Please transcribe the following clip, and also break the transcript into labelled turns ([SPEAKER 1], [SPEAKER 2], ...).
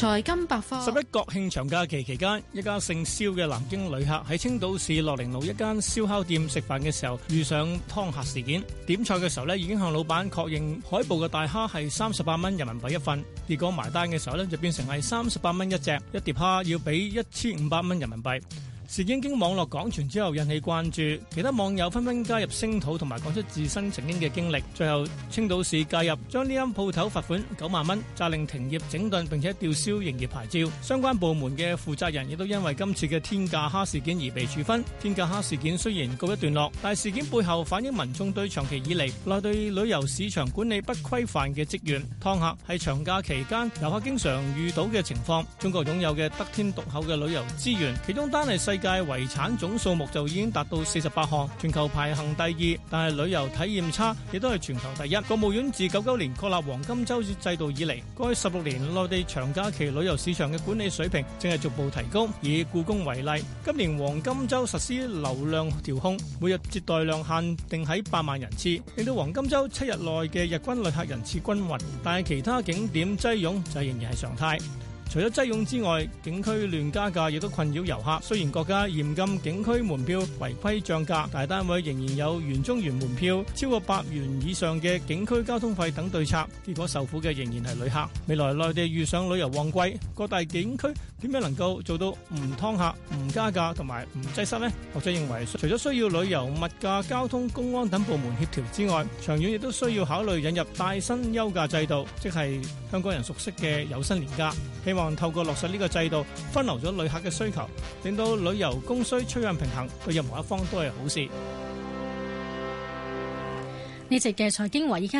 [SPEAKER 1] 財金百科，十一國慶長假期期間，一家姓蕭嘅南京旅客喺青島市樂淩路一間燒烤店食飯嘅時候，遇上劏客事件。點菜嘅時候咧，已經向老闆確認海捕嘅大蝦係三十八蚊人民幣一份，結果埋單嘅時候咧，就變成係三十八蚊一隻，一碟蝦要俾一千五百蚊人民幣。事件經網絡廣傳之後引起關注，其他網友紛紛加入聲討同埋講出自身曾經嘅經歷。最後青島市介入，將呢間鋪頭罰款九萬蚊，責令停業整頓並且吊銷營業牌照。相關部門嘅負責人亦都因為今次嘅天價蝦事件而被處分。天價蝦事件雖然告一段落，但係事件背後反映民眾對長期以嚟內地旅遊市場管理不規範嘅積怨。宰客喺長假期間遊客經常遇到嘅情況，中國擁有嘅得天獨厚嘅旅遊資源，其中單係世界遺產總數目就已經達到四十八項，全球排行第二，但係旅遊體驗差，亦都係全球第一。國務院自九九年確立黃金周制度以嚟，過去十六年內地長假期旅遊市場嘅管理水平正係逐步提高。以故宮為例，今年黃金周實施流量調控，每日接待量限定喺百萬人次，令到黃金周七日內嘅日均旅客人次均勻，但係其他景點擠擁就仍然係常態。除咗擠擁之外，景區亂加價亦都困擾遊客。雖然國家嚴禁景區門票違規漲價，但係單位仍然有園中園門票超過百元以上嘅景區交通費等對策，結果受苦嘅仍然係旅客。未來內地遇上旅遊旺季，各大景區點樣能夠做到唔劏客、唔加價同埋唔擠塞呢？學者認為，除咗需要旅遊、物價、交通、公安等部門協調之外，長遠亦都需要考慮引入帶薪休假制度，即係香港人熟悉嘅有薪年假。希望透過落實呢個制度，分流咗旅客嘅需求，令到旅遊供需趨向平衡，對任何一方都係好事。呢集嘅財經話，依家。